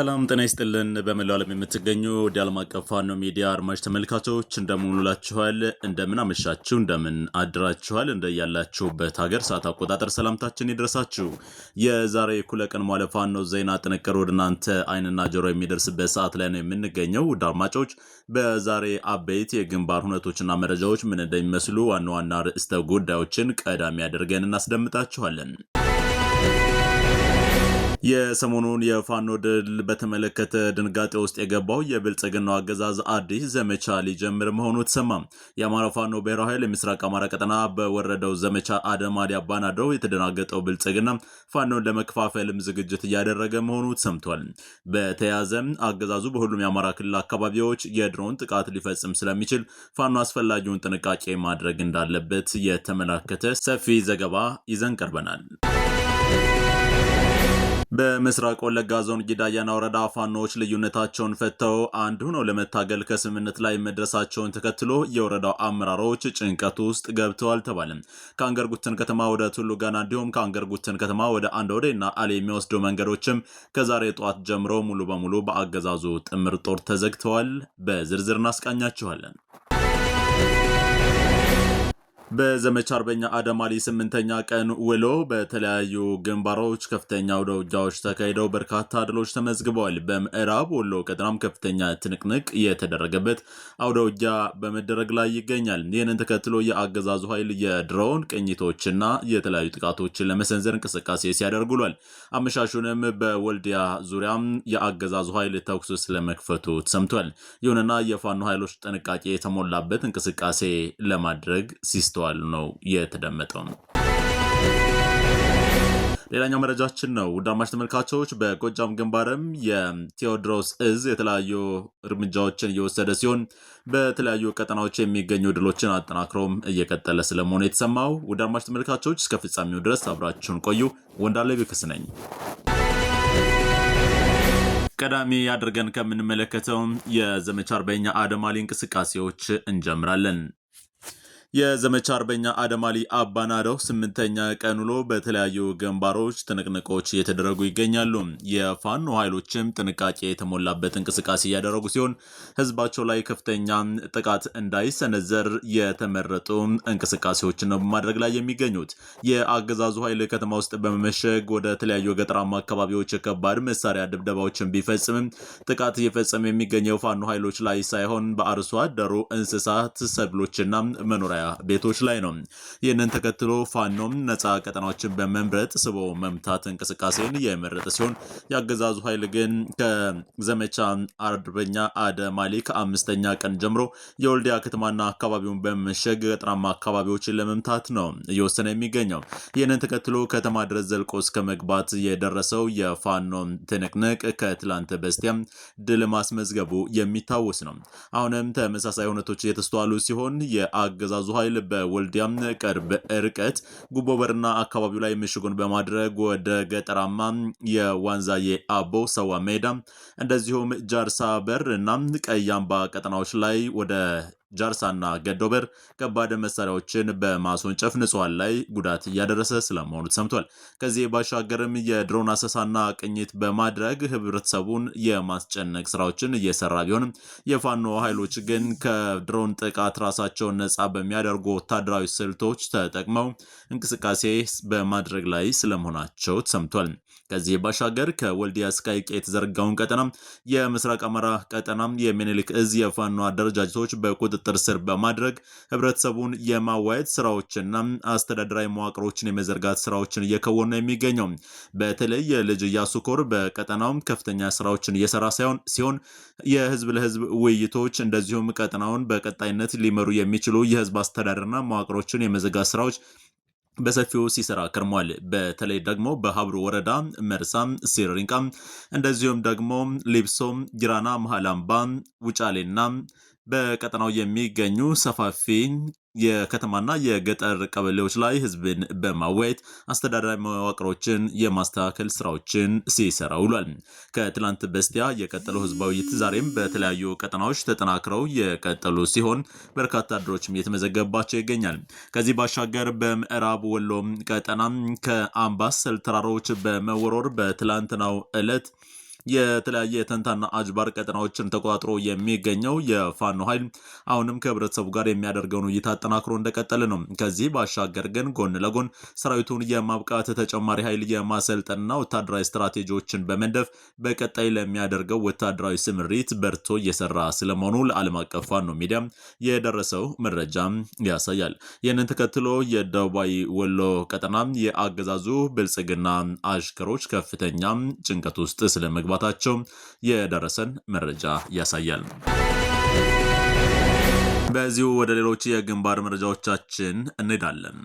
ሰላም ጤና ይስጥልን። በመላው ዓለም የምትገኙ ወደ ዓለም አቀፍ ፋኖ ሚዲያ አድማጭ ተመልካቾች እንደምን ውላችኋል? እንደምን አመሻችሁ? እንደምን አድራችኋል? እንደያላችሁበት ሀገር ሰዓት አቆጣጠር ሰላምታችን ይድረሳችሁ። የዛሬ እኩለ ቀን ማለ ፋኖ ዜና ጥንቅር ወደ እናንተ አይንና ጆሮ የሚደርስበት ሰዓት ላይ ነው የምንገኘው። ውድ አድማጮች በዛሬ አበይት የግንባር ሁነቶችና መረጃዎች ምን እንደሚመስሉ ዋና ዋና ርዕስተ ጉዳዮችን ቀዳሚ አድርገን እናስደምጣችኋለን። የሰሞኑን የፋኖ ድል በተመለከተ ድንጋጤ ውስጥ የገባው የብልጽግናው አገዛዝ አዲስ ዘመቻ ሊጀምር መሆኑ ተሰማ። የአማራ ፋኖ ብሔራዊ ኃይል የምስራቅ አማራ ቀጠና በወረደው ዘመቻ አደማ ሊያባናደው የተደናገጠው ብልጽግና ፋኖን ለመከፋፈልም ዝግጅት እያደረገ መሆኑ ተሰምቷል። በተያያዘ አገዛዙ በሁሉም የአማራ ክልል አካባቢዎች የድሮን ጥቃት ሊፈጽም ስለሚችል ፋኖ አስፈላጊውን ጥንቃቄ ማድረግ እንዳለበት የተመላከተ ሰፊ ዘገባ ይዘን ቀርበናል። በምስራቅ ወለጋ ዞን ጊዳያና ወረዳ ፋኖዎች ልዩነታቸውን ፈተው አንድ ሆነው ለመታገል ከስምምነት ላይ መድረሳቸውን ተከትሎ የወረዳው አመራሮች ጭንቀት ውስጥ ገብተዋል ከአንገር ከአንገርጉትን ከተማ ወደ ቱሉ ጋና እንዲሁም ጉትን ከተማ ወደ አንድ ወዴና አሌ የሚወስዱ መንገዶችም ከዛሬ ጠዋት ጀምሮ ሙሉ በሙሉ በአገዛዙ ጥምር ጦር ተዘግተዋል። በዝርዝር እናስቃኛችኋለን። በዘመቻ አርበኛ አደማሊ ስምንተኛ ቀን ውሎ በተለያዩ ግንባሮች ከፍተኛ ወደ ውጊያዎች ተካሂደው በርካታ ድሎች ተመዝግበዋል። በምዕራብ ወሎ ቀጠናም ከፍተኛ ትንቅንቅ የተደረገበት አውደ ውጊያ በመደረግ ላይ ይገኛል። ይህንን ተከትሎ የአገዛዙ ኃይል የድሮን ቅኝቶችና የተለያዩ ጥቃቶችን ለመሰንዘር እንቅስቃሴ ሲያደርግ ውሏል። አመሻሹንም በወልዲያ ዙሪያም የአገዛዙ ኃይል ተኩስ ስለመክፈቱ ተሰምቷል። ይሁንና የፋኖ ኃይሎች ጥንቃቄ የተሞላበት እንቅስቃሴ ለማድረግ ሲስቶ ሲስተዋል ነው የተደመጠው። ሌላኛው መረጃችን ነው። ውዳማሽ ተመልካቾች፣ በጎጃም ግንባርም የቴዎድሮስ እዝ የተለያዩ እርምጃዎችን እየወሰደ ሲሆን በተለያዩ ቀጠናዎች የሚገኙ ድሎችን አጠናክሮም እየቀጠለ ስለመሆኑ የተሰማው። ውዳማሽ ተመልካቾች፣ እስከ ፍጻሜው ድረስ አብራችሁን ቆዩ። ወንዳለ ቢክስ ነኝ። ቀዳሚ አድርገን ከምንመለከተው የዘመቻ አርበኛ አደም አሊ እንቅስቃሴዎች እንጀምራለን። የዘመቻ አርበኛ አደማሊ አባናደው ስምንተኛ ቀን ውሎ በተለያዩ ግንባሮች ትንቅንቆች እየተደረጉ ይገኛሉ። የፋኖ ኃይሎችም ጥንቃቄ የተሞላበት እንቅስቃሴ እያደረጉ ሲሆን ህዝባቸው ላይ ከፍተኛ ጥቃት እንዳይሰነዘር የተመረጡ እንቅስቃሴዎችን ነው በማድረግ ላይ የሚገኙት። የአገዛዙ ኃይል ከተማ ውስጥ በመመሸግ ወደ ተለያዩ ገጠራማ አካባቢዎች ከባድ መሳሪያ ድብደባዎችን ቢፈጽምም ጥቃት እየፈጸመ የሚገኘው ፋኖ ኃይሎች ላይ ሳይሆን በአርሶ አደሩ እንስሳት ሰብሎችና መኖሪያ መኖሪያ ቤቶች ላይ ነው። ይህንን ተከትሎ ፋኖም ነፃ ቀጠናዎችን በመምረጥ ስቦ መምታት እንቅስቃሴን የመረጠ ሲሆን የአገዛዙ ኃይል ግን ከዘመቻ አርበኛ አደ ማሊ ከአምስተኛ ቀን ጀምሮ የወልዲያ ከተማና አካባቢውን በመሸግ ገጠራማ አካባቢዎችን ለመምታት ነው እየወሰነ የሚገኘው። ይህንን ተከትሎ ከተማ ድረስ ዘልቆ እስከ መግባት የደረሰው የፋኖ ትንቅንቅ ከትላንት በስቲያም ድል ማስመዝገቡ የሚታወስ ነው። አሁንም ተመሳሳይ ሁነቶች እየተስተዋሉ ሲሆን የአገዛዙ አገዛዙ ኃይል በወልዲያም ቅርብ ርቀት ጉቦበርና አካባቢው ላይ ምሽጉን በማድረግ ወደ ገጠራማ የዋንዛዬ አቦ ሰዋ ሜዳ እንደዚሁም ጃርሳ በር እና ቀያምባ ቀጠናዎች ላይ ወደ ጃርሳና ገዶበር ከባድ መሳሪያዎችን በማስወንጨፍ ንጹሐን ላይ ጉዳት እያደረሰ ስለመሆኑ ተሰምቷል። ከዚህ ባሻገርም የድሮን አሰሳና ቅኝት በማድረግ ህብረተሰቡን የማስጨነቅ ስራዎችን እየሰራ ቢሆንም የፋኖ ኃይሎች ግን ከድሮን ጥቃት ራሳቸውን ነጻ በሚያደርጉ ወታደራዊ ስልቶች ተጠቅመው እንቅስቃሴ በማድረግ ላይ ስለመሆናቸው ተሰምቷል። ከዚህ ባሻገር ከወልዲያ እስከ ሐይቅ የተዘረጋውን ቀጠና የምስራቅ አማራ ቀጠና የሚኒልክ እዝ የፋኖ አደረጃጀቶች በቁጥጥር ስር በማድረግ ህብረተሰቡን የማዋየት ስራዎችና አስተዳደራዊ መዋቅሮችን የመዘርጋት ስራዎችን እየከወኑ የሚገኘው። በተለይ የልጅ ኢያሱ ኮር በቀጠናውም ከፍተኛ ስራዎችን እየሰራ ሳይሆን ሲሆን የህዝብ ለህዝብ ውይይቶች እንደዚሁም ቀጠናውን በቀጣይነት ሊመሩ የሚችሉ የህዝብ አስተዳደርና መዋቅሮችን የመዘጋት ስራዎች በሰፊው ሲሰራ ከርሟል። በተለይ ደግሞ በሀብሩ ወረዳ መርሳም፣ ሲሪንቃ እንደዚሁም ደግሞ ሊብሶ፣ ጊራና፣ መሃላምባ፣ ውጫሌና በቀጠናው የሚገኙ ሰፋፊ የከተማና የገጠር ቀበሌዎች ላይ ህዝብን በማወያየት አስተዳደራዊ መዋቅሮችን የማስተካከል ስራዎችን ሲሰራ ውሏል። ከትላንት በስቲያ የቀጠለው ህዝባዊ ውይይት ዛሬም በተለያዩ ቀጠናዎች ተጠናክረው የቀጠሉ ሲሆን በርካታ ድሮችም እየተመዘገባቸው ይገኛል። ከዚህ ባሻገር በምዕራብ ወሎ ቀጠና ከአምባሰል ተራሮች በመወረር በትላንትናው ዕለት የተለያየ የተንታና አጅባር ቀጠናዎችን ተቆጣጥሮ የሚገኘው የፋኖ ኃይል አሁንም ከህብረተሰቡ ጋር የሚያደርገውን ውይይት አጠናክሮ እንደቀጠለ ነው። ከዚህ ባሻገር ግን ጎን ለጎን ሰራዊቱን የማብቃት ተጨማሪ ኃይል የማሰልጠንና ወታደራዊ ስትራቴጂዎችን በመንደፍ በቀጣይ ለሚያደርገው ወታደራዊ ስምሪት በርቶ እየሰራ ስለመሆኑ ለዓለም አቀፍ ፋኖ ሚዲያ የደረሰው መረጃ ያሳያል። ይህንን ተከትሎ የደቡባዊ ወሎ ቀጠና የአገዛዙ ብልጽግና አሽከሮች ከፍተኛ ጭንቀት ውስጥ ስለመግባ መግባታቸው የደረሰን መረጃ ያሳያል። በዚሁ ወደ ሌሎች የግንባር መረጃዎቻችን እንሄዳለን።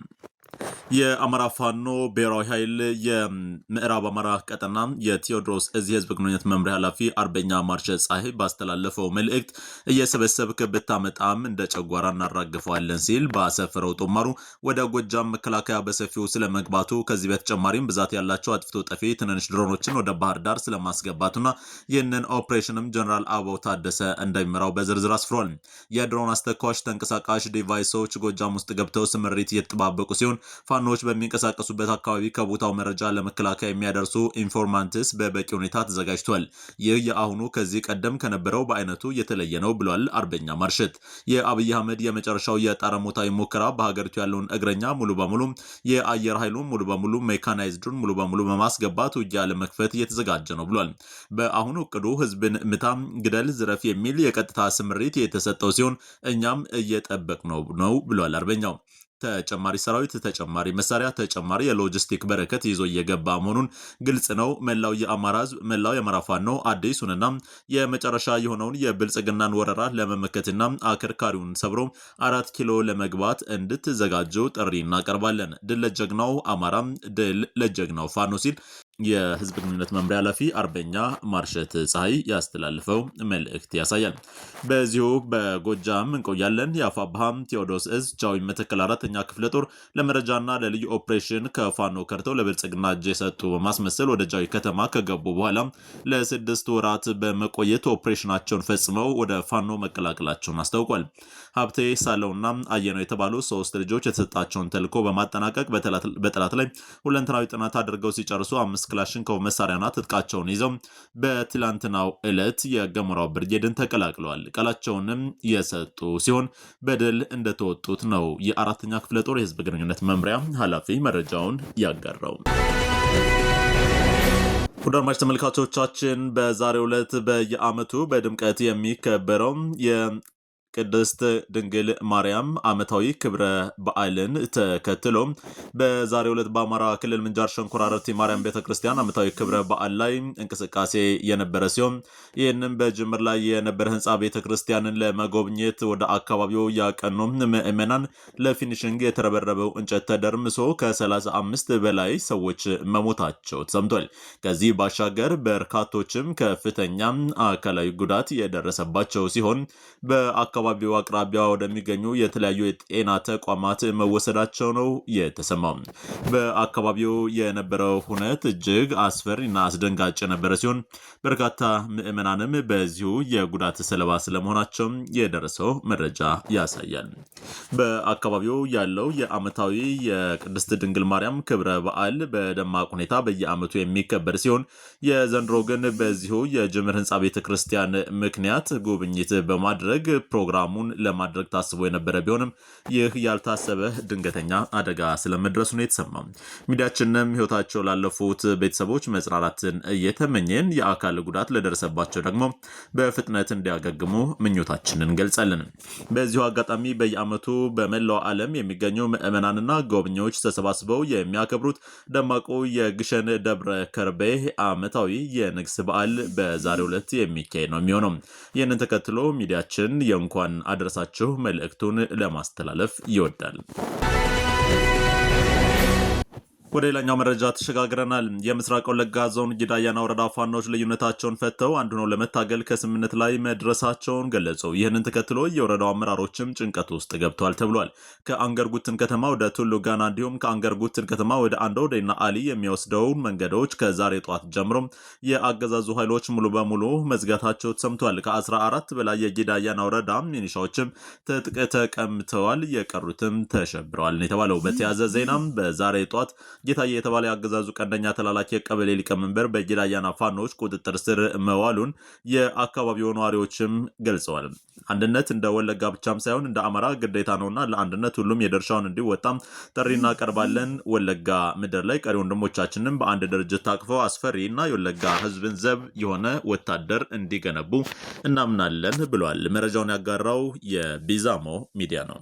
የአማራ ፋኖ ብሔራዊ ኃይል የምዕራብ አማራ ቀጠና የቴዎድሮስ እዝ የህዝብ ግንኙነት መምሪያ ኃላፊ አርበኛ ማርሸ ፀሐይ ባስተላለፈው መልእክት እየሰበሰብክ ብታመጣም እንደ ጨጓራ እናራግፈዋለን ሲል ባሰፈረው ጦማሩ ወደ ጎጃም መከላከያ በሰፊው ስለመግባቱ ከዚህ በተጨማሪም ብዛት ያላቸው አጥፍቶ ጠፊ ትንንሽ ድሮኖችን ወደ ባህር ዳር ስለማስገባቱና ይህንን ኦፕሬሽንም ጀኔራል አበው ታደሰ እንደሚመራው በዝርዝር አስፍሯል። የድሮን አስተኳሽ ተንቀሳቃሽ ዲቫይሶች ጎጃም ውስጥ ገብተው ስምሪት እየተጠባበቁ ሲሆን ፋኖች በሚንቀሳቀሱበት አካባቢ ከቦታው መረጃ ለመከላከያ የሚያደርሱ ኢንፎርማንትስ በበቂ ሁኔታ ተዘጋጅቷል። ይህ የአሁኑ ከዚህ ቀደም ከነበረው በአይነቱ የተለየ ነው ብሏል አርበኛ ማርሸት። የአብይ አህመድ የመጨረሻው የጣረ ሞታዊ ሙከራ በሀገሪቱ ያለውን እግረኛ ሙሉ በሙሉ የአየር ኃይሉን ሙሉ በሙሉ ሜካናይዝዱን ሙሉ በሙሉ በማስገባት ውጊያ ለመክፈት እየተዘጋጀ ነው ብሏል። በአሁኑ እቅዱ ህዝብን ምታም፣ ግደል፣ ዝረፍ የሚል የቀጥታ ስምሪት የተሰጠው ሲሆን እኛም እየጠበቅ ነው ነው ብሏል አርበኛው። ተጨማሪ ሰራዊት፣ ተጨማሪ መሳሪያ፣ ተጨማሪ የሎጂስቲክ በረከት ይዞ እየገባ መሆኑን ግልጽ ነው። መላው የአማራ ህዝብ፣ መላው የአማራ ፋኖ አዲሱንና የመጨረሻ የሆነውን የብልጽግናን ወረራ ለመመከትና አከርካሪውን ሰብሮ አራት ኪሎ ለመግባት እንድትዘጋጁ ጥሪ እናቀርባለን። ድል ለጀግናው አማራ፣ ድል ለጀግናው ፋኖ ሲል የህዝብ ግንኙነት መምሪያ ኃላፊ አርበኛ ማርሸት ፀሐይ ያስተላልፈው መልእክት ያሳያል። በዚሁ በጎጃም እንቆያለን። የአፋብሃም ቴዎድሮስ እዝ ጃዊ መተከል አራተኛ ክፍለ ጦር ለመረጃና ለልዩ ኦፕሬሽን ከፋኖ ከርተው ለብልጽግና እጅ የሰጡ በማስመሰል ወደ ጃዊ ከተማ ከገቡ በኋላ ለስድስት ወራት በመቆየት ኦፕሬሽናቸውን ፈጽመው ወደ ፋኖ መቀላቀላቸውን አስታውቋል። ሀብቴ ሳለውና አየነው የተባሉ ሶስት ልጆች የተሰጣቸውን ተልዕኮ በማጠናቀቅ በጠላት ላይ ሁለንተናዊ ጥናት አድርገው ሲጨርሱ አምስት ክላሽንኮቭ መሳሪያና ትጥቃቸውን ይዘው በትላንትናው ዕለት የገሞራው ብርጌድን ተቀላቅለዋል። ቃላቸውንም የሰጡ ሲሆን በድል እንደተወጡት ነው የአራተኛ ክፍለ ጦር የህዝብ ግንኙነት መምሪያ ኃላፊ መረጃውን ያጋራው። አድማጭ ተመልካቾቻችን በዛሬው ዕለት በየዓመቱ በድምቀት የሚከበረው ቅድስት ድንግል ማርያም ዓመታዊ ክብረ በዓልን ተከትሎ በዛሬው ዕለት በአማራ ክልል ምንጃር ሸንኮራ ረብቲ ማርያም ቤተ ክርስቲያን ዓመታዊ ክብረ በዓል ላይ እንቅስቃሴ የነበረ ሲሆን ይህንም በጅምር ላይ የነበረ ህንፃ ቤተ ክርስቲያንን ለመጎብኘት ወደ አካባቢው ያቀኑ ምዕመናን ለፊኒሽንግ የተረበረበው እንጨት ተደርምሶ ከ35 በላይ ሰዎች መሞታቸው ተሰምቷል። ከዚህ ባሻገር በርካቶችም ከፍተኛ አካላዊ ጉዳት የደረሰባቸው ሲሆን በአካባቢ በአካባቢው አቅራቢያ ወደሚገኙ የተለያዩ የጤና ተቋማት መወሰዳቸው ነው የተሰማው። በአካባቢው የነበረው ሁነት እጅግ አስፈሪና አስደንጋጭ የነበረ ሲሆን በርካታ ምዕመናንም በዚሁ የጉዳት ሰለባ ስለመሆናቸው የደረሰው መረጃ ያሳያል። በአካባቢው ያለው የዓመታዊ የቅድስት ድንግል ማርያም ክብረ በዓል በደማቅ ሁኔታ በየዓመቱ የሚከበር ሲሆን የዘንድሮ ግን በዚሁ የጅምር ህንፃ ቤተክርስቲያን ምክንያት ጉብኝት በማድረግ ፕሮግራም ፕሮግራሙን ለማድረግ ታስቦ የነበረ ቢሆንም ይህ ያልታሰበ ድንገተኛ አደጋ ስለመድረሱ ነው የተሰማው። ሚዲያችንም ህይወታቸው ላለፉት ቤተሰቦች መጽናናትን እየተመኘን የአካል ጉዳት ለደረሰባቸው ደግሞ በፍጥነት እንዲያገግሙ ምኞታችንን እንገልጻለን። በዚሁ አጋጣሚ በየዓመቱ በመላው ዓለም የሚገኙ ምዕመናንና ጎብኚዎች ተሰባስበው የሚያከብሩት ደማቁ የግሸን ደብረ ከርቤ ዓመታዊ የንግስ በዓል በዛሬው ዕለት የሚካሄድ ነው የሚሆነው። ይህንን ተከትሎ ሚዲያችን የእንኳን እንኳን አድረሳችሁ መልእክቱን ለማስተላለፍ ይወዳል። ወደ ሌላኛው መረጃ ተሸጋግረናል። የምስራቅ ወለጋ ዞን ጊዳያና ወረዳ ፋኖች ልዩነታቸውን ፈተው አንዱ ነው ለመታገል ከስምምነት ላይ መድረሳቸውን ገለጹ። ይህንን ተከትሎ የወረዳው አመራሮችም ጭንቀት ውስጥ ገብተዋል ተብሏል። ከአንገርጉትን ከተማ ወደ ቱሉ ጋና እንዲሁም ከአንገርጉትን ከተማ ወደ አንዶ ወደና አሊ የሚወስደውን መንገዶች ከዛሬ ጠዋት ጀምሮ የአገዛዙ ኃይሎች ሙሉ በሙሉ መዝጋታቸው ተሰምቷል። ከ14 በላይ የጊዳያና ወረዳ ሚኒሻዎችም ትጥቅ ተቀምተዋል፣ የቀሩትም ተሸብረዋል የተባለው በተያዘ ዜናም በዛሬ ጠዋት ጌታዬ የተባለ የአገዛዙ ቀንደኛ ተላላኪ የቀበሌ ሊቀመንበር በጌዳያና ፋኖች ቁጥጥር ስር መዋሉን የአካባቢው ነዋሪዎችም ገልጸዋል። አንድነት እንደ ወለጋ ብቻም ሳይሆን እንደ አማራ ግዴታ ነውና ለአንድነት ሁሉም የድርሻውን እንዲወጣም ጥሪ እናቀርባለን። ወለጋ ምድር ላይ ቀሪ ወንድሞቻችንም በአንድ ድርጅት ታቅፈው አስፈሪ እና የወለጋ ህዝብን ዘብ የሆነ ወታደር እንዲገነቡ እናምናለን ብሏል። መረጃውን ያጋራው የቢዛሞ ሚዲያ ነው።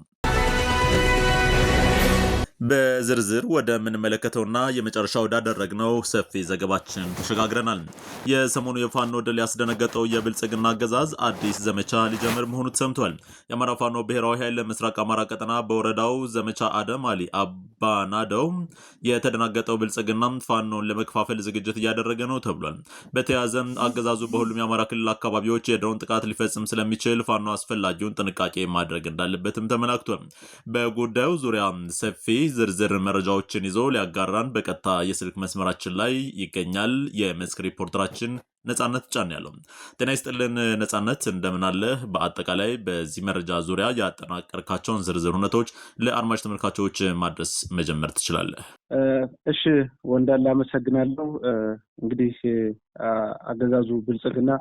በዝርዝር ወደምንመለከተውና የመጨረሻ ወዳደረግነው ሰፊ ዘገባችን ተሸጋግረናል። የሰሞኑ የፋኖ ድል ያስደነገጠው የብልጽግና አገዛዝ አዲስ ዘመቻ ሊጀምር መሆኑ ተሰምቷል። የአማራ ፋኖ ብሔራዊ ኃይል ለምስራቅ አማራ ቀጠና በወረዳው ዘመቻ አደም አሊ አባናደው የተደናገጠው ብልጽግና ፋኖን ለመከፋፈል ዝግጅት እያደረገ ነው ተብሏል። በተያያዘ አገዛዙ በሁሉም የአማራ ክልል አካባቢዎች የድሮን ጥቃት ሊፈጽም ስለሚችል ፋኖ አስፈላጊውን ጥንቃቄ ማድረግ እንዳለበትም ተመላክቷል። በጉዳዩ ዙሪያ ሰፊ ዝርዝር መረጃዎችን ይዞ ሊያጋራን በቀጥታ የስልክ መስመራችን ላይ ይገኛል። የመስክ ሪፖርተራችን ነጻነት ጫን ያለው ጤና ይስጥልን ነጻነት፣ እንደምናለህ። በአጠቃላይ በዚህ መረጃ ዙሪያ ያጠናቀርካቸውን ዝርዝር እውነቶች ለአድማጭ ተመልካቾች ማድረስ መጀመር ትችላለህ። እሺ ወንዳል፣ አመሰግናለሁ። እንግዲህ አገዛዙ ብልጽግና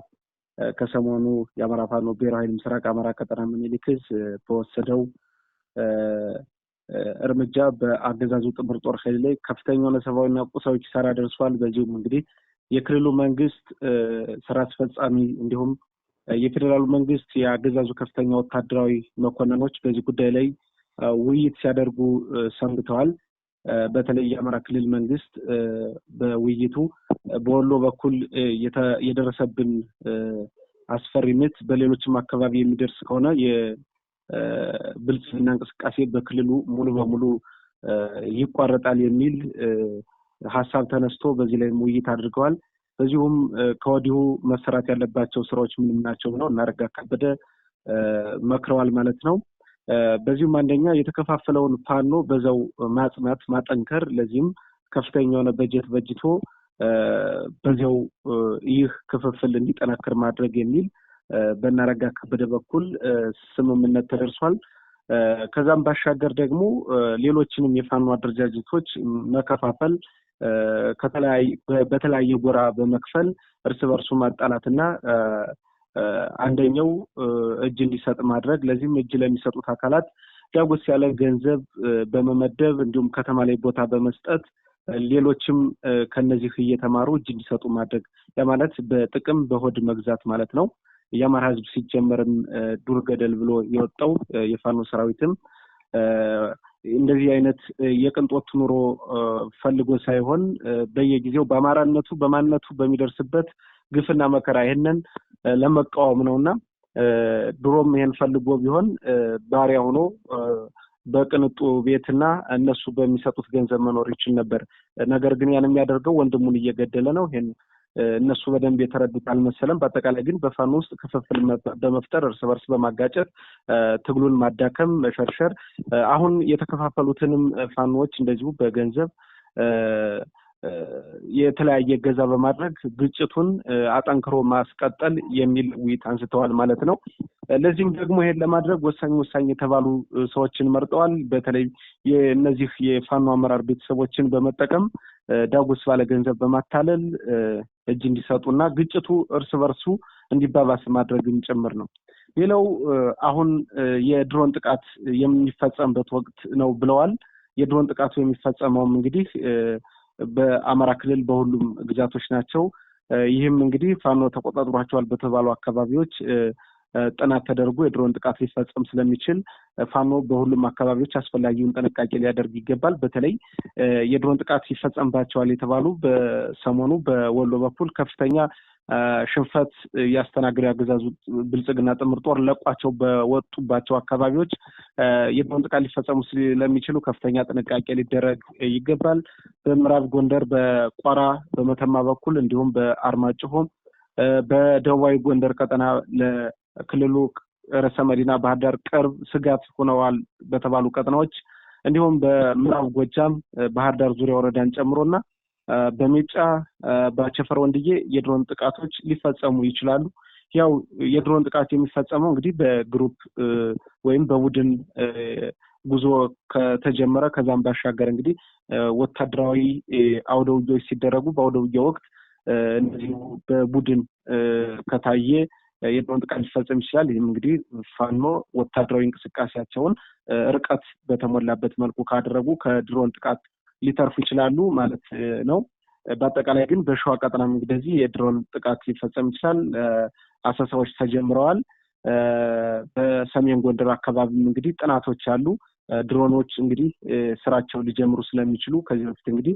ከሰሞኑ የአማራ ፋኖ ብሔራዊ ኃይል ምስራቅ አማራ ቀጠና ምኒልክ በወሰደው እርምጃ በአገዛዙ ጥምር ጦር ኃይል ላይ ከፍተኛ የሆነ ሰብአዊና ቁሳዊ ኪሳራ ደርሷል። በዚሁም እንግዲህ የክልሉ መንግስት ስራ አስፈጻሚ እንዲሁም የፌዴራሉ መንግስት የአገዛዙ ከፍተኛ ወታደራዊ መኮንኖች በዚህ ጉዳይ ላይ ውይይት ሲያደርጉ ሰንብተዋል። በተለይ የአማራ ክልል መንግስት በውይይቱ በወሎ በኩል የደረሰብን አስፈሪ ምት በሌሎችም አካባቢ የሚደርስ ከሆነ ብልጽግና እንቅስቃሴ በክልሉ ሙሉ በሙሉ ይቋረጣል የሚል ሀሳብ ተነስቶ በዚህ ላይ ውይይት አድርገዋል። በዚሁም ከወዲሁ መሰራት ያለባቸው ስራዎች ምንም ናቸው ብለው እናረጋ ከበደ መክረዋል ማለት ነው። በዚሁም አንደኛ የተከፋፈለውን ፋኖ በዛው ማጽናት፣ ማጠንከር ለዚህም ከፍተኛ የሆነ በጀት በጅቶ በዚያው ይህ ክፍፍል እንዲጠናከር ማድረግ የሚል በናረጋ ከበደ በኩል ስምምነት ተደርሷል። ከዛም ባሻገር ደግሞ ሌሎችንም የፋኖ አደረጃጀቶች መከፋፈል በተለያየ ጎራ በመክፈል እርስ በርሱ ማጣላትና አንደኛው እጅ እንዲሰጥ ማድረግ ለዚህም እጅ ለሚሰጡት አካላት ዳጎስ ያለ ገንዘብ በመመደብ እንዲሁም ከተማ ላይ ቦታ በመስጠት ሌሎችም ከነዚህ እየተማሩ እጅ እንዲሰጡ ማድረግ ያ ማለት በጥቅም በሆድ መግዛት ማለት ነው። የአማራ ህዝብ ሲጀመርም ዱር ገደል ብሎ የወጣው የፋኖ ሰራዊትም እንደዚህ አይነት የቅንጦት ኑሮ ፈልጎ ሳይሆን በየጊዜው በአማራነቱ በማንነቱ በሚደርስበት ግፍና መከራ ይህንን ለመቃወም እና ድሮም ይህን ፈልጎ ቢሆን ባሪያ ሆኖ በቅንጡ ቤትና እነሱ በሚሰጡት ገንዘብ መኖር ይችል ነበር። ነገር ግን ያን የሚያደርገው ወንድሙን እየገደለ ነው። ይህን እነሱ በደንብ የተረዱት አልመሰለም። በአጠቃላይ ግን በፋኖ ውስጥ ክፍፍል በመፍጠር እርስ በርስ በማጋጨት ትግሉን ማዳከም፣ መሸርሸር አሁን የተከፋፈሉትንም ፋኖዎች እንደዚሁ በገንዘብ የተለያየ ገዛ በማድረግ ግጭቱን አጠንክሮ ማስቀጠል የሚል ውይይት አንስተዋል ማለት ነው። ለዚህም ደግሞ ይሄን ለማድረግ ወሳኝ ወሳኝ የተባሉ ሰዎችን መርጠዋል። በተለይ የእነዚህ የፋኖ አመራር ቤተሰቦችን በመጠቀም ዳጎስ ባለ ገንዘብ በማታለል እጅ እንዲሰጡና ግጭቱ እርስ በርሱ እንዲባባስ ማድረግም ጭምር ነው። ሌላው አሁን የድሮን ጥቃት የሚፈጸምበት ወቅት ነው ብለዋል። የድሮን ጥቃቱ የሚፈጸመውም እንግዲህ በአማራ ክልል በሁሉም ግዛቶች ናቸው። ይህም እንግዲህ ፋኖ ተቆጣጥሯቸዋል በተባሉ አካባቢዎች ጥናት ተደርጎ የድሮን ጥቃት ሊፈጸም ስለሚችል ፋኖ በሁሉም አካባቢዎች አስፈላጊውን ጥንቃቄ ሊያደርግ ይገባል። በተለይ የድሮን ጥቃት ይፈጸምባቸዋል የተባሉ በሰሞኑ በወሎ በኩል ከፍተኛ ሽንፈት እያስተናገደ ያገዛዙ ብልጽግና ጥምር ጦር ለቋቸው በወጡባቸው አካባቢዎች የድሮን ጥቃት ሊፈጸሙ ስለሚችሉ ከፍተኛ ጥንቃቄ ሊደረግ ይገባል። በምዕራብ ጎንደር በቋራ በመተማ በኩል እንዲሁም በአርማጭሆም በደቡባዊ ጎንደር ቀጠና ለክልሉ ርዕሰ መዲና ባህር ዳር ቅርብ ስጋት ሆነዋል በተባሉ ቀጠናዎች እንዲሁም በምዕራብ ጎጃም ባህር ዳር ዙሪያ ወረዳን ጨምሮ እና በሜጫ በቸፈር ወንድዬ የድሮን ጥቃቶች ሊፈጸሙ ይችላሉ። ያው የድሮን ጥቃት የሚፈጸመው እንግዲህ በግሩፕ ወይም በቡድን ጉዞ ከተጀመረ ከዛም ባሻገር እንግዲህ ወታደራዊ አውደ ውጊያዎች ሲደረጉ በአውደ ውጊያ ወቅት እነዚሁ በቡድን ከታየ የድሮን ጥቃት ሊፈጸም ይችላል። ይህም እንግዲህ ፋኖ ወታደራዊ እንቅስቃሴያቸውን ርቀት በተሞላበት መልኩ ካደረጉ ከድሮን ጥቃት ሊተርፉ ይችላሉ ማለት ነው። በአጠቃላይ ግን በሸዋ ቀጠና እንደዚህ የድሮን ጥቃት ሊፈጸም ይችላል። አሰሳዎች ተጀምረዋል። በሰሜን ጎንደር አካባቢም እንግዲህ ጥናቶች አሉ። ድሮኖች እንግዲህ ስራቸው ሊጀምሩ ስለሚችሉ ከዚህ በፊት እንግዲህ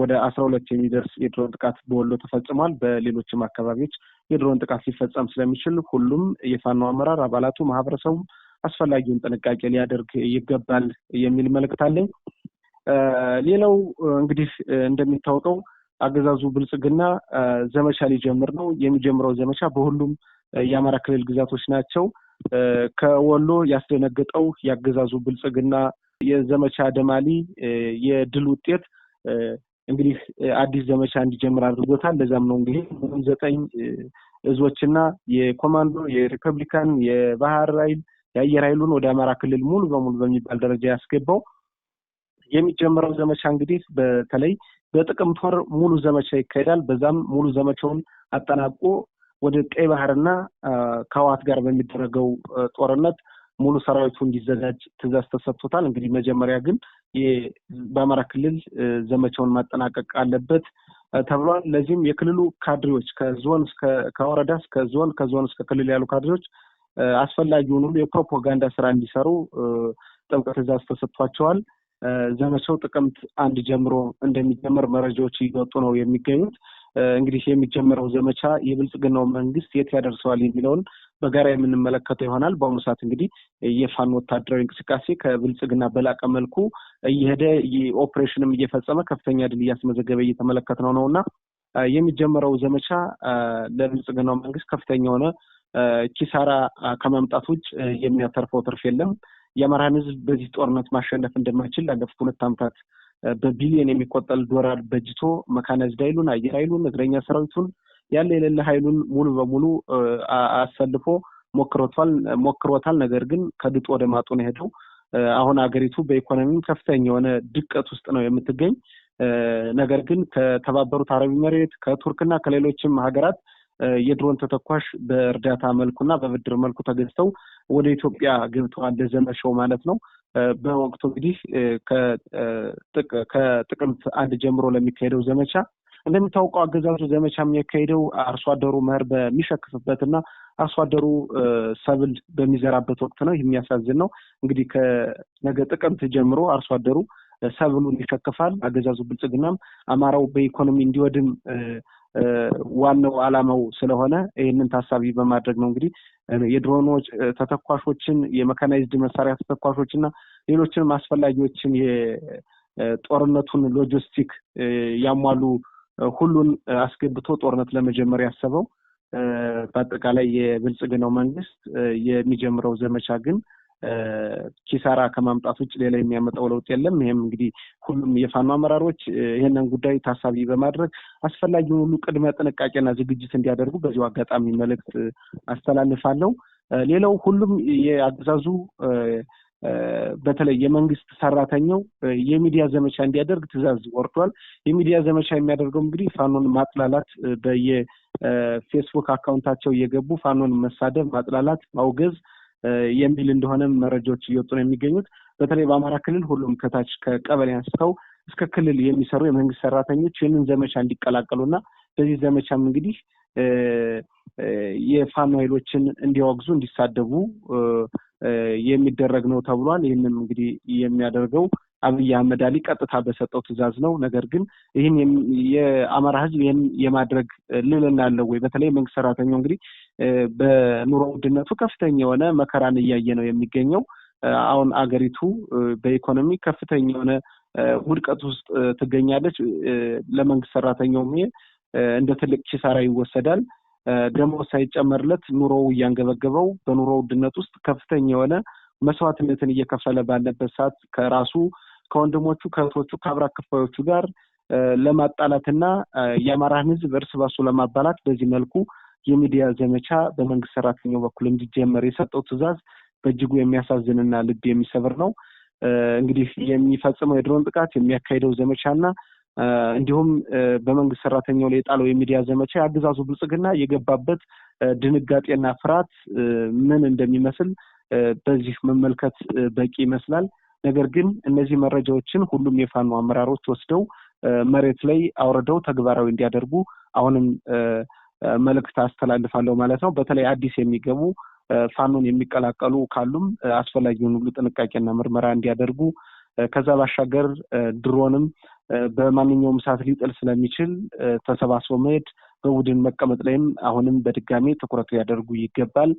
ወደ አስራ ሁለት የሚደርስ የድሮን ጥቃት በወሎ ተፈጽሟል። በሌሎችም አካባቢዎች የድሮን ጥቃት ሊፈጸም ስለሚችል ሁሉም የፋኖ አመራር አባላቱ፣ ማህበረሰቡ አስፈላጊውን ጥንቃቄ ሊያደርግ ይገባል የሚል መልእክት አለኝ። ሌላው እንግዲህ እንደሚታወቀው አገዛዙ ብልጽግና ዘመቻ ሊጀምር ነው። የሚጀምረው ዘመቻ በሁሉም የአማራ ክልል ግዛቶች ናቸው። ከወሎ ያስደነገጠው የአገዛዙ ብልጽግና የዘመቻ ደማሊ የድል ውጤት እንግዲህ አዲስ ዘመቻ እንዲጀምር አድርጎታል። ለዛም ነው እንግዲህ ዘጠኝ እዞችና የኮማንዶ የሪፐብሊካን፣ የባህር ኃይል፣ የአየር ኃይሉን ወደ አማራ ክልል ሙሉ በሙሉ በሚባል ደረጃ ያስገባው። የሚጀምረው ዘመቻ እንግዲህ በተለይ በጥቅምት ወር ሙሉ ዘመቻ ይካሄዳል። በዛም ሙሉ ዘመቻውን አጠናቆ ወደ ቀይ ባህርና ከህወሓት ጋር በሚደረገው ጦርነት ሙሉ ሰራዊቱ እንዲዘጋጅ ትእዛዝ ተሰጥቶታል። እንግዲህ መጀመሪያ ግን በአማራ ክልል ዘመቻውን ማጠናቀቅ አለበት ተብሏል። ለዚህም የክልሉ ካድሬዎች ከዞን ከወረዳ እስከ ዞን ከዞን እስከ ክልል ያሉ ካድሬዎች አስፈላጊውን ሁሉ የፕሮፓጋንዳ ስራ እንዲሰሩ ጥብቅ ትእዛዝ ተሰጥቷቸዋል። ዘመቻው ጥቅምት አንድ ጀምሮ እንደሚጀመር መረጃዎች እየወጡ ነው የሚገኙት። እንግዲህ የሚጀመረው ዘመቻ የብልጽግናው መንግስት የት ያደርሰዋል የሚለውን በጋራ የምንመለከተው ይሆናል። በአሁኑ ሰዓት እንግዲህ የፋኖ ወታደራዊ እንቅስቃሴ ከብልጽግና በላቀ መልኩ እየሄደ ኦፕሬሽንም እየፈጸመ ከፍተኛ ድል እያስመዘገበ እየተመለከት ነው ነው እና የሚጀመረው ዘመቻ ለብልጽግናው መንግስት ከፍተኛ የሆነ ኪሳራ ከማምጣት ውጭ የሚያተርፈው ትርፍ የለም። የአማራን ህዝብ በዚህ ጦርነት ማሸነፍ እንደማይችል ላለፉት ሁለት ዓመታት በቢሊዮን የሚቆጠል ዶላር በጅቶ መካነዝድ ኃይሉን፣ አየር ኃይሉን፣ እግረኛ ሰራዊቱን ያለ የሌለ ኃይሉን ሙሉ በሙሉ አሰልፎ ሞክሮታል ሞክሮታል። ነገር ግን ከድጡ ወደ ማጡ ነው የሄደው። አሁን አገሪቱ በኢኮኖሚም ከፍተኛ የሆነ ድቀት ውስጥ ነው የምትገኝ። ነገር ግን ከተባበሩት አረብ መሬት ከቱርክና ከሌሎችም ሀገራት የድሮን ተተኳሽ በእርዳታ መልኩና በብድር መልኩ ተገዝተው ወደ ኢትዮጵያ ገብተዋል ለዘመን ማለት ነው። በወቅቱ እንግዲህ ከጥቅምት አንድ ጀምሮ ለሚካሄደው ዘመቻ እንደሚታወቀው አገዛዙ ዘመቻ የሚያካሄደው አርሶ አደሩ መኸር በሚሸክፍበትና አርሶ አደሩ ሰብል በሚዘራበት ወቅት ነው። የሚያሳዝን ነው። እንግዲህ ከነገ ጥቅምት ጀምሮ አርሶ አደሩ ሰብሉን ይሸክፋል። አገዛዙ ብልጽግናም አማራው በኢኮኖሚ እንዲወድም ዋናው አላማው ስለሆነ ይህንን ታሳቢ በማድረግ ነው እንግዲህ የድሮኖች ተተኳሾችን የመካናይዝድ መሳሪያ ተተኳሾች እና ሌሎችንም አስፈላጊዎችን የጦርነቱን ሎጂስቲክ ያሟሉ ሁሉን አስገብቶ ጦርነት ለመጀመር ያሰበው በአጠቃላይ የብልጽግናው መንግስት የሚጀምረው ዘመቻ ግን ኪሳራ ከማምጣት ውጭ ሌላ የሚያመጣው ለውጥ የለም። ይህም እንግዲህ ሁሉም የፋኖ አመራሮች ይህንን ጉዳይ ታሳቢ በማድረግ አስፈላጊውን ሁሉ ቅድመ ጥንቃቄና ዝግጅት እንዲያደርጉ በዚሁ አጋጣሚ መልእክት አስተላልፋለሁ። ሌላው ሁሉም የአገዛዙ በተለይ የመንግስት ሰራተኛው የሚዲያ ዘመቻ እንዲያደርግ ትዕዛዝ ወርዷል። የሚዲያ ዘመቻ የሚያደርገው እንግዲህ ፋኖን ማጥላላት በየፌስቡክ አካውንታቸው እየገቡ ፋኖን መሳደብ፣ ማጥላላት፣ ማውገዝ የሚል እንደሆነ መረጃዎች እየወጡ ነው የሚገኙት። በተለይ በአማራ ክልል ሁሉም ከታች ከቀበሌ አንስተው እስከ ክልል የሚሰሩ የመንግስት ሰራተኞች ይህንን ዘመቻ እንዲቀላቀሉ እና በዚህ ዘመቻም እንግዲህ የፋኖ ኃይሎችን እንዲያወግዙ እንዲሳደቡ የሚደረግ ነው ተብሏል። ይህንም እንግዲህ የሚያደርገው አብይ አህመድ አሊ ቀጥታ በሰጠው ትእዛዝ ነው። ነገር ግን ይህን የአማራ ህዝብ ይህን የማድረግ ልልና አለው ወይ? በተለይ መንግስት ሰራተኛው እንግዲህ በኑሮ ውድነቱ ከፍተኛ የሆነ መከራን እያየ ነው የሚገኘው። አሁን አገሪቱ በኢኮኖሚ ከፍተኛ የሆነ ውድቀት ውስጥ ትገኛለች። ለመንግስት ሰራተኛውም ይሄ እንደ ትልቅ ኪሳራ ይወሰዳል። ደሞዝ ሳይጨመርለት ኑሮው እያንገበገበው በኑሮ ውድነት ውስጥ ከፍተኛ የሆነ መስዋዕትነትን እየከፈለ ባለበት ሰዓት ከራሱ ከወንድሞቹ ከእህቶቹ ከአብራ ክፋዮቹ ጋር ለማጣላትና የአማራን ህዝብ እርስ በርሱ ለማባላት በዚህ መልኩ የሚዲያ ዘመቻ በመንግስት ሰራተኛው በኩል እንዲጀመር የሰጠው ትዕዛዝ በእጅጉ የሚያሳዝንና ልብ የሚሰብር ነው። እንግዲህ የሚፈጽመው የድሮን ጥቃት የሚያካሄደው ዘመቻና እንዲሁም በመንግስት ሰራተኛው ላይ የጣለው የሚዲያ ዘመቻ የአገዛዙ ብልጽግና የገባበት ድንጋጤና ፍርሃት ምን እንደሚመስል በዚህ መመልከት በቂ ይመስላል። ነገር ግን እነዚህ መረጃዎችን ሁሉም የፋኖ አመራሮች ወስደው መሬት ላይ አውርደው ተግባራዊ እንዲያደርጉ አሁንም መልእክት አስተላልፋለሁ ማለት ነው። በተለይ አዲስ የሚገቡ ፋኖን የሚቀላቀሉ ካሉም አስፈላጊውን ሁሉ ጥንቃቄና ምርመራ እንዲያደርጉ ከዛ ባሻገር ድሮንም በማንኛውም ሰዓት ሊጥል ስለሚችል ተሰባስቦ መሄድ በቡድን መቀመጥ ላይም አሁንም በድጋሚ ትኩረት ሊያደርጉ ይገባል።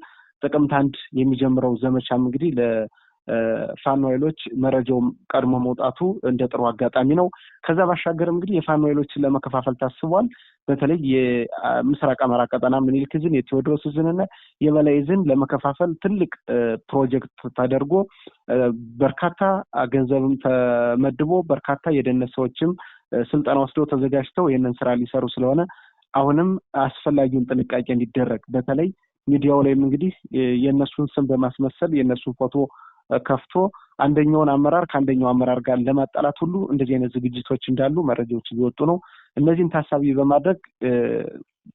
ጥቅምት አንድ የሚጀምረው ዘመቻም እንግዲህ ለፋኖይሎች መረጃው ቀድሞ መውጣቱ እንደ ጥሩ አጋጣሚ ነው። ከዛ ባሻገር እንግዲህ የፋኖይሎችን ለመከፋፈል ታስቧል። በተለይ የምስራቅ አማራ ቀጠና ምኒልክ ዝን፣ የቴዎድሮስ ዕዝንና የበላይ ዝን ለመከፋፈል ትልቅ ፕሮጀክት ተደርጎ በርካታ ገንዘብም ተመድቦ በርካታ የደህንነት ሰዎችም ስልጠና ወስደው ተዘጋጅተው ይህንን ስራ ሊሰሩ ስለሆነ አሁንም አስፈላጊውን ጥንቃቄ እንዲደረግ በተለይ ሚዲያው ላይም እንግዲህ የእነሱን ስም በማስመሰል የእነሱን ፎቶ ከፍቶ አንደኛውን አመራር ከአንደኛው አመራር ጋር ለማጣላት ሁሉ እንደዚህ አይነት ዝግጅቶች እንዳሉ መረጃዎች እየወጡ ነው። እነዚህን ታሳቢ በማድረግ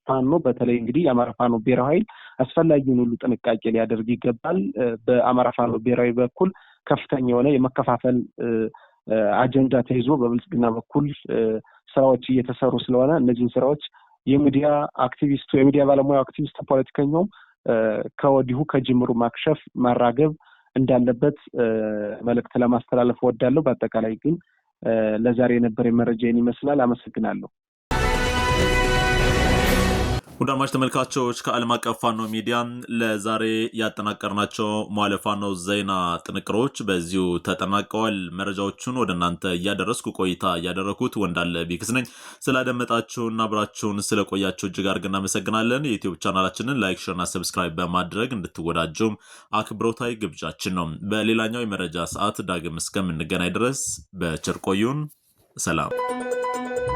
ፋኖ በተለይ እንግዲህ የአማራ ፋኖ ብሔራዊ ኃይል አስፈላጊውን ሁሉ ጥንቃቄ ሊያደርግ ይገባል። በአማራ ፋኖ ብሔራዊ በኩል ከፍተኛ የሆነ የመከፋፈል አጀንዳ ተይዞ በብልጽግና በኩል ስራዎች እየተሰሩ ስለሆነ እነዚህን ስራዎች የሚዲያ አክቲቪስቱ የሚዲያ ባለሙያው አክቲቪስቱ ፖለቲከኛውም ከወዲሁ ከጅምሩ ማክሸፍ ማራገብ እንዳለበት መልእክት ለማስተላለፍ ወዳለሁ። በአጠቃላይ ግን ለዛሬ የነበረ መረጃ ይህን ይመስላል። አመሰግናለሁ። ውድ ተመልካቾች ከዓለም አቀፍ ፋኖ ሚዲያ ለዛሬ ያጠናቀርናቸው ማለ ፋኖ ዜና ጥንቅሮች በዚሁ ተጠናቀዋል። መረጃዎቹን ወደ እናንተ እያደረስኩ ቆይታ እያደረኩት ወንዳለ ቢክስ ነኝ። ስላደመጣችሁና አብራችሁን ስለቆያችሁ እጅግ አድርገን እናመሰግናለን። የዩትዩብ ቻናላችንን ላይክ፣ ሸርና ሰብስክራይብ በማድረግ እንድትወዳጁም አክብሮታዊ ግብዣችን ነው። በሌላኛው የመረጃ ሰዓት ዳግም እስከምንገናኝ ድረስ በቸር ቆዩን። ሰላም